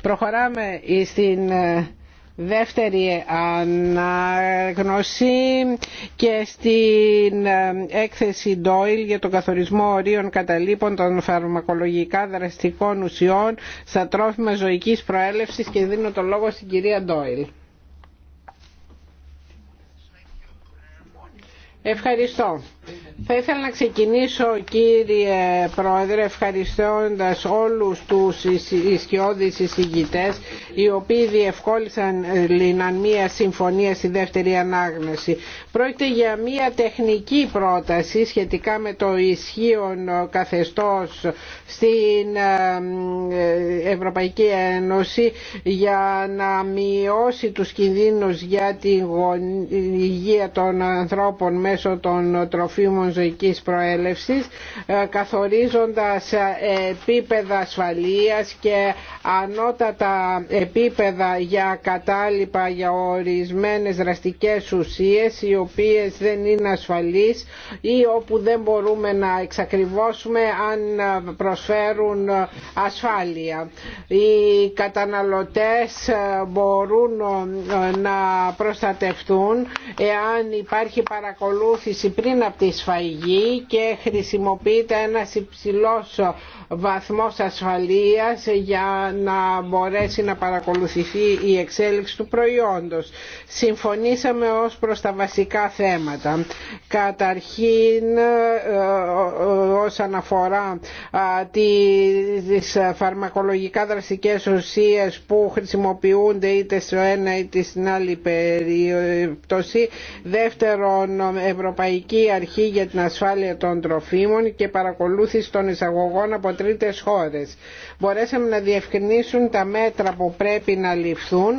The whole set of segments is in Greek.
Προχωράμε στην ε, δεύτερη αναγνωσή και στην ε, έκθεση Doyle για τον καθορισμό ορίων καταλήπων των φαρμακολογικά δραστικών ουσιών στα τρόφιμα ζωικής προέλευσης και δίνω το λόγο στην κυρία Doyle. Ευχαριστώ. Θα ήθελα να ξεκινήσω κύριε Πρόεδρε ευχαριστώντας όλους τους ισχυώδεις εισηγητές οι οποίοι διευκόλυσαν λύναν μία συμφωνία στη δεύτερη ανάγνωση. Πρόκειται για μία τεχνική πρόταση σχετικά με το ισχύον καθεστώς στην ε, ε, Ευρωπαϊκή Ένωση για να μειώσει τους κινδύνους για την υγεία των ανθρώπων μέσω των τροφίμων καθορίζοντα προέλευσης ε, καθορίζοντας ε, επίπεδα ασφαλείας και ανώτατα επίπεδα για κατάλοιπα για ορισμένες δραστικές ουσίες οι οποίες δεν είναι ασφαλείς ή όπου δεν μπορούμε να εξακριβώσουμε αν ε, προσφέρουν ασφάλεια. Οι καταναλωτές μπορούν να προστατευτούν εάν υπάρχει παρακολούθηση πριν από τη και χρησιμοποιείται ένας υψηλός βαθμός ασφαλείας για να μπορέσει να παρακολουθηθεί η εξέλιξη του προϊόντος. Συμφωνήσαμε ως προς τα βασικά θέματα. Καταρχήν ε, ε, όσον αφορά τις φαρμακολογικά δραστικές ουσίες που χρησιμοποιούνται είτε στο ένα είτε στην άλλη περίπτωση. Δεύτερον, Ευρωπαϊκή Αρχή για την Ασφάλεια των Τροφίμων και παρακολούθηση των εισαγωγών από τρίτες χώρες. Μπορέσαμε να διευκρινίσουν τα μέτρα που πρέπει να ληφθούν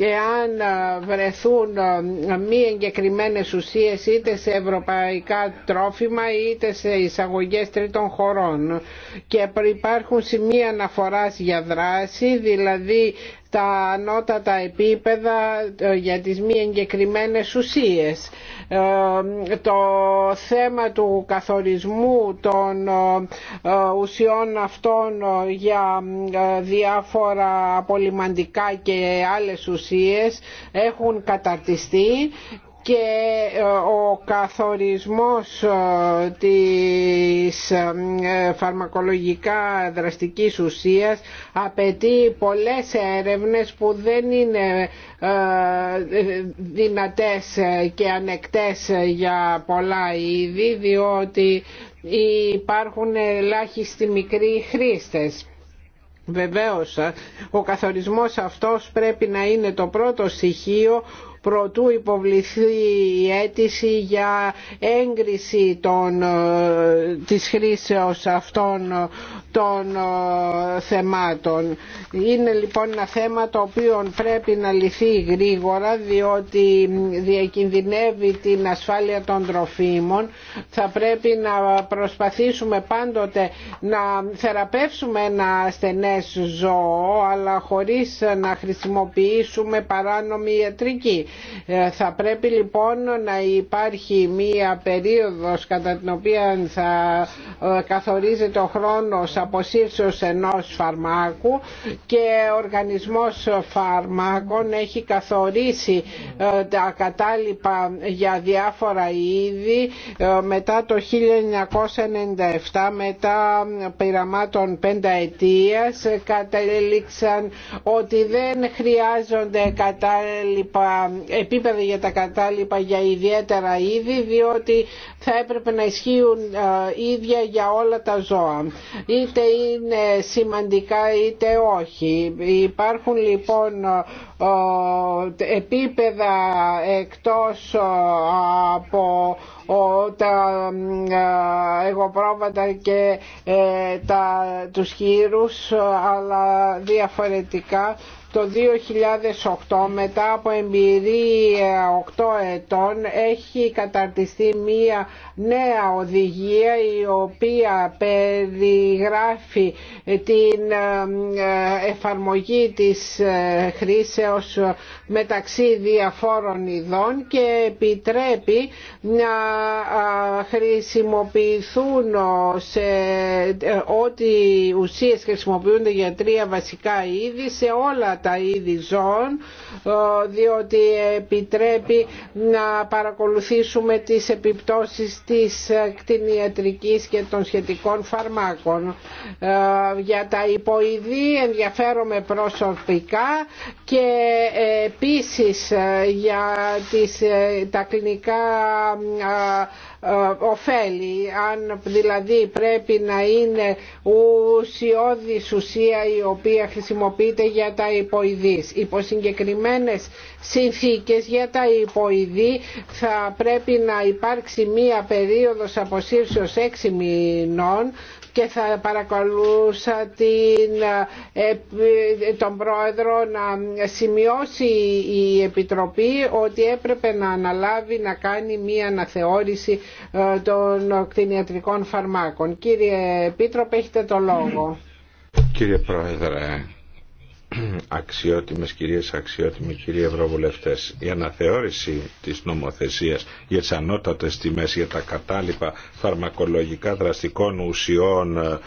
εάν ε, βρεθούν ε, μη εγκεκριμένε ουσίες είτε σε ευρωπαϊκά τρόφιμα είτε σε εισαγωγές τρίτων χωρών και υπάρχουν σημεία αναφοράς για δράση δηλαδή τα ανώτατα επίπεδα ε, για τις μη εγκεκριμένες ουσίες. Ε, το θέμα του καθορισμού των ε, ουσιών αυτών για διάφορα απολυμαντικά και άλλες ουσίες έχουν καταρτιστεί και ε, ο καθορισμός ε, της ε, φαρμακολογικά δραστικής ουσίας απαιτεί πολλές έρευνες που δεν είναι δυνατές και ανεκτές για πολλά είδη διότι υπάρχουν ελάχιστοι μικροί χρήστες. Βεβαίως ο καθορισμός αυτός πρέπει να είναι το πρώτο στοιχείο προτού υποβληθεί η αίτηση για έγκριση των, ε, της χρήσεως αυτών ε, των ε, θεμάτων. Είναι λοιπόν ένα θέμα το οποίο πρέπει να λυθεί γρήγορα διότι διακινδυνεύει την ασφάλεια των τροφίμων. Θα πρέπει να προσπαθήσουμε πάντοτε να θεραπεύσουμε ένα ασθενές ζώο αλλά χωρίς να χρησιμοποιήσουμε παράνομη ιατρική. Ε, θα πρέπει λοιπόν να υπάρχει μία περίοδος κατά την οποία θα ε, καθορίζεται ο χρόνος αποσύρσεως ενός φαρμάκου και ο οργανισμός φαρμάκων έχει καθορίσει ε, τα κατάλοιπα για διάφορα είδη μετά το 1997 μετά πειραμάτων πενταετίας κατέληξαν ότι δεν χρειάζονται κατάλοιπα επίπεδα για τα κατάλοιπα για ιδιαίτερα είδη διότι θα έπρεπε να ισχύουν ε, ίδια για όλα τα ζώα. Είτε είναι σημαντικά είτε όχι. Υπάρχουν λοιπόν ε, ε, επίπεδα εκτός από τα εγωπρόβατα και τα, τους χείρους αλλά διαφορετικά το 2008 μετά από εμπειρία 8 ετών έχει καταρτιστεί μία νέα οδηγία η οποία περιγράφει την ε, εφαρμογή της ε, χρήσεως μεταξύ διαφόρων ειδών και επιτρέπει να χρησιμοποιηθούν σε ε, ό,τι ουσίες χρησιμοποιούνται για τρία βασικά είδη σε όλα τα είδη ζώων ε, διότι επιτρέπει να παρακολουθήσουμε τις επιπτώσεις της ε, κτηνιατρικής και των σχετικών φαρμάκων. Ε, για τα υποειδή ενδιαφέρομαι προσωπικά και επίσης για τις, τα κλινικά ε, ωφέλη αν δηλαδή πρέπει να είναι ουσιώδης ουσία η οποία χρησιμοποιείται για τα υποειδή. Υπό συγκεκριμένες συνθήκες για τα υποειδή θα πρέπει να υπάρξει μία περίοδος αποσύρσεως 6 μηνών και θα παρακολούσα την, ε, ε, τον πρόεδρο να σημειώσει η Επιτροπή ότι έπρεπε να αναλάβει να κάνει μία αναθεώρηση ε, των κτηνιατρικών φαρμάκων. Κύριε Επίτροπε, έχετε το λόγο. Κύριε Πρόεδρε, αξιότιμες κυρίες, αξιότιμοι κύριοι Ευρωβουλευτές. Η αναθεώρηση της νομοθεσίας για τις ανώτατες τιμές για τα κατάλοιπα φαρμακολογικά δραστικών ουσιών ε,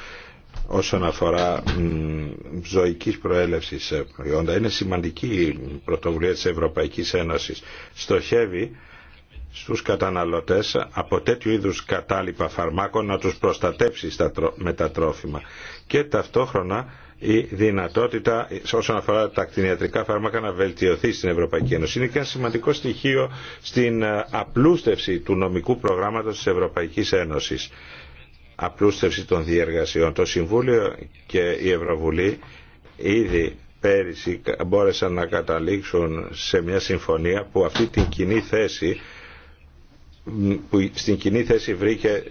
όσον αφορά ζωικής προέλευσης ε, προϊόντα. Είναι σημαντική η πρωτοβουλία της Ευρωπαϊκής Ένωσης. Στοχεύει στους καταναλωτές από τέτοιου είδους κατάλοιπα φαρμάκων να τους προστατέψει με τα τρόφιμα και ταυτόχρονα η δυνατότητα όσον αφορά τα κτηνιατρικά φάρμακα να βελτιωθεί στην Ευρωπαϊκή Ένωση. Είναι και ένα σημαντικό στοιχείο στην ε, απλούστευση του νομικού προγράμματος της Ευρωπαϊκής Ένωσης. Απλούστευση των διεργασιών. Το Συμβούλιο και η Ευρωβουλή ήδη πέρυσι μπόρεσαν να καταλήξουν σε μια συμφωνία που αυτή την κοινή θέση που στην κοινή θέση βρήκε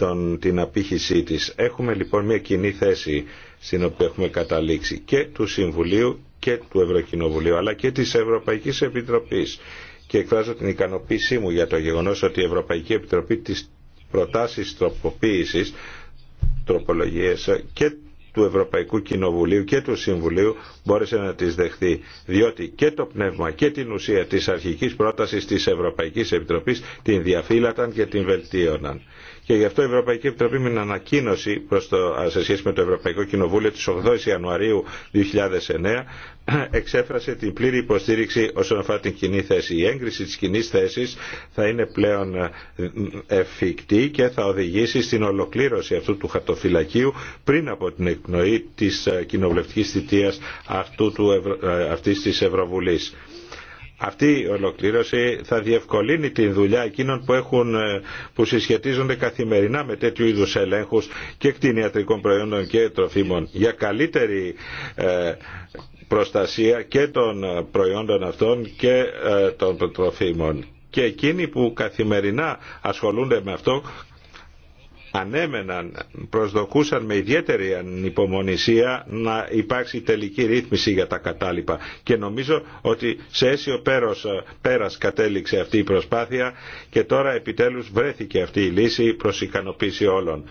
τον, την απήχησή της. Έχουμε λοιπόν μια κοινή θέση στην οποία έχουμε καταλήξει και του Συμβουλίου και του Ευρωκοινοβουλίου αλλά και της Ευρωπαϊκής Επιτροπής και εκφράζω την ικανοποίησή μου για το γεγονός ότι η Ευρωπαϊκή Επιτροπή της προτάσεις τροποποίησης τροπολογίες και του Ευρωπαϊκού Κοινοβουλίου και του Συμβουλίου μπόρεσε να τις δεχθεί, διότι και το πνεύμα και την ουσία της αρχικής πρότασης της Ευρωπαϊκής Επιτροπής την διαφύλαταν και την βελτίωναν. Και γι' αυτό η Ευρωπαϊκή Επιτροπή με την ανακοίνωση προς το, σε σχέση με το Ευρωπαϊκό Κοινοβούλιο της 8 Ιανουαρίου 2009 εξέφρασε την πλήρη υποστήριξη όσον αφορά την κοινή θέση. Η έγκριση της κοινή θέσης θα είναι πλέον ε, εφικτή και θα οδηγήσει στην ολοκλήρωση αυτού του χαρτοφυλακίου πριν από την εκπνοή της ε, κοινοβουλευτικής θητείας αυτού του, ε, αυτής της Ευρωβουλής. Αυτή η ολοκλήρωση θα διευκολύνει τη δουλειά εκείνων που, έχουν, ε, που συσχετίζονται καθημερινά με τέτοιου είδους ελέγχους και κτηνιατρικών προϊόντων και τροφίμων για καλύτερη ε, προστασία και των ε, προϊόντων αυτών και των τροφίμων και εκείνοι που καθημερινά ασχολούνται με αυτό ανέμεναν, προσδοκούσαν με ιδιαίτερη ανυπομονησία να υπάρξει τελική ρύθμιση για τα κατάλοιπα. Και νομίζω ότι σε αίσιο πέρας, πέρας κατέληξε αυτή η προσπάθεια και τώρα επιτέλους βρέθηκε αυτή η λύση προς ικανοποίηση όλων.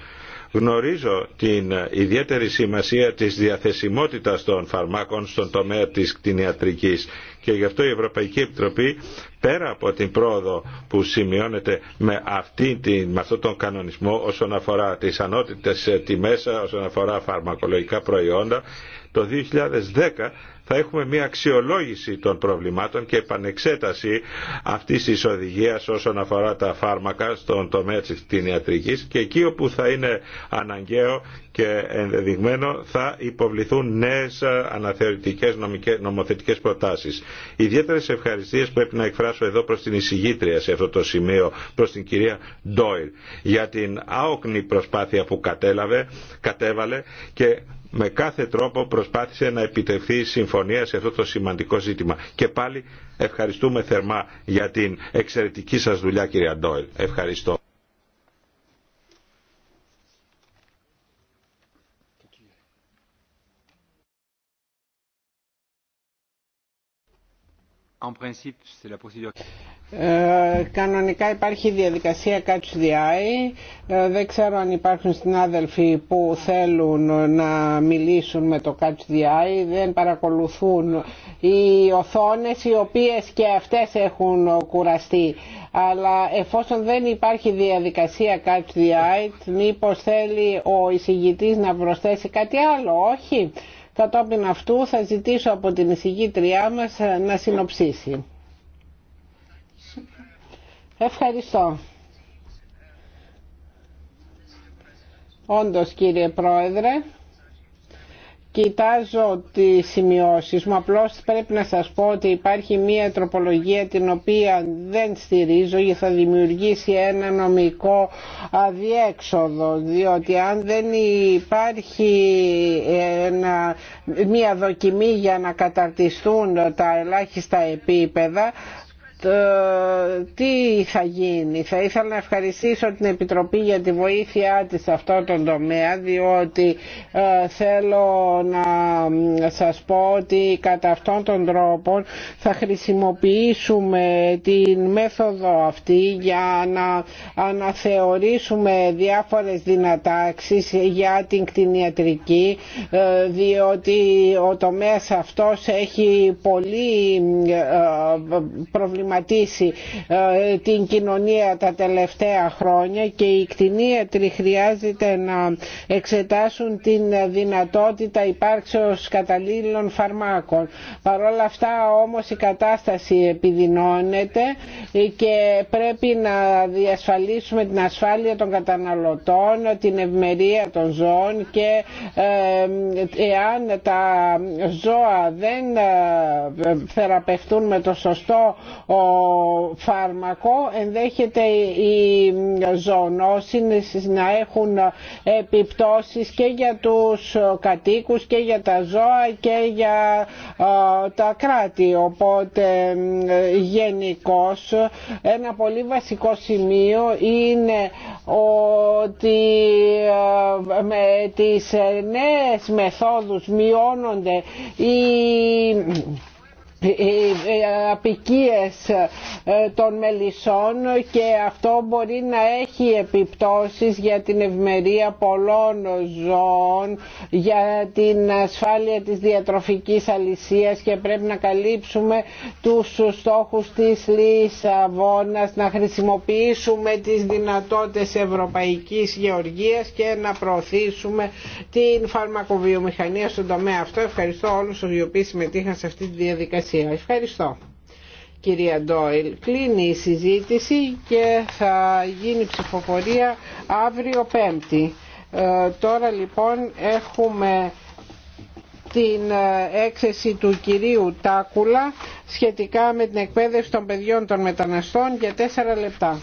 Γνωρίζω την ιδιαίτερη σημασία της διαθεσιμότητας των φαρμάκων στον τομέα της κτηνιατρικής και γι' αυτό η Ευρωπαϊκή Επιτροπή πέρα από την πρόοδο που σημειώνεται με, αυτή την, με αυτόν τον κανονισμό όσον αφορά τις ανότητες ε, τιμές, ε, όσον αφορά φαρμακολογικά προϊόντα, το 2010 θα έχουμε μια αξιολόγηση των προβλημάτων και επανεξέταση αυτής της οδηγίας όσον αφορά τα φάρμακα στον τομέα της ιατρικής και εκεί όπου θα είναι αναγκαίο και ενδεδειγμένο θα υποβληθούν νέες ε, αναθεωρητικές νομικές, νομοθετικές προτάσεις. Ιδιαίτερε ευχαριστίες πρέπει να εκφράσω εδώ προς την εισηγήτρια σε αυτό το σημείο, προ την κυρία Ντόιλ, για την άοκνη προσπάθεια που κατέλαβε, κατέβαλε και με κάθε τρόπο προσπάθησε να επιτευχθεί η συμφωνία σε αυτό το σημαντικό ζήτημα. Και πάλι ευχαριστούμε θερμά για την εξαιρετική σας δουλειά κυρία Ντόιλ. Ευχαριστώ. Ε, κανονικά υπάρχει διαδικασία catch the eye. Ε, δεν ξέρω αν υπάρχουν συνάδελφοι που θέλουν να μιλήσουν με το catch the eye. Δεν παρακολουθούν οι οθόνες οι οποίες και αυτές έχουν κουραστεί. Αλλά εφόσον δεν υπάρχει διαδικασία catch the eye θέλει ο εισηγητής να προσθέσει κάτι άλλο. Όχι. Κατόπιν αυτού θα ζητήσω από την εισηγήτριά μας ε, να συνοψίσει. Ευχαριστώ. Όντως κύριε Πρόεδρε κοιτάζω τις σημειώσεις μου, απλώς πρέπει να σας πω ότι υπάρχει μία τροπολογία την οποία δεν στηρίζω γιατί θα δημιουργήσει ένα νομικό αδιέξοδο, διότι αν δεν υπάρχει μία δοκιμή για να καταρτιστούν τα ελάχιστα επίπεδα, τι θα γίνει. Θα ήθελα να ευχαριστήσω την Επιτροπή για τη βοήθειά της σε αυτό τον τομέα διότι ε, θέλω να σας πω ότι κατά αυτόν τον τρόπο θα χρησιμοποιήσουμε την μέθοδο αυτή για να αναθεωρήσουμε διάφορες δυνατάξεις για την κτηνιατρική ε, διότι ο τομέας αυτός έχει πολύ ε, προβληματικό προβληματίσει ε, την κοινωνία τα τελευταία χρόνια και οι κτηνίατροι χρειάζεται να εξετάσουν την δυνατότητα υπάρξεως καταλήλων φαρμάκων. Παρ' όλα αυτά όμως η κατάσταση επιδεινώνεται και πρέπει να διασφαλίσουμε την ασφάλεια των καταναλωτών, την ευμερία των ζώων και ε, εάν τα ζώα δεν ε, θεραπευτούν με το σωστό φάρμακο ενδέχεται οι ζωονόσινες να έχουν επιπτώσεις και για τους κατοίκους και για τα ζώα και για ε, τα κράτη οπότε ε, γενικώ ένα πολύ βασικό σημείο είναι ότι ε, με τις νέες μεθόδους μειώνονται οι ε, ε, ε, απικίες των μελισσών και αυτό μπορεί να έχει επιπτώσεις για την ευμερία πολλών ζώων, για την ασφάλεια της διατροφικής αλυσίας και πρέπει να καλύψουμε τους στόχους της Λισαβόνας, να χρησιμοποιήσουμε τις δυνατότητες ευρωπαϊκής γεωργίας και να προωθήσουμε την φαρμακοβιομηχανία στον τομέα αυτό. Ευχαριστώ όλους οι οποίοι συμμετείχαν σε αυτή τη διαδικασία. Ευχαριστώ. Κυρία Ντόιλ, κλείνει η συζήτηση και θα γίνει ψηφοφορία αύριο Πέμπτη. Ε, τώρα λοιπόν έχουμε την ε, έκθεση του κυρίου Τάκουλα σχετικά με την εκπαίδευση των παιδιών των μεταναστών για τέσσερα λεπτά.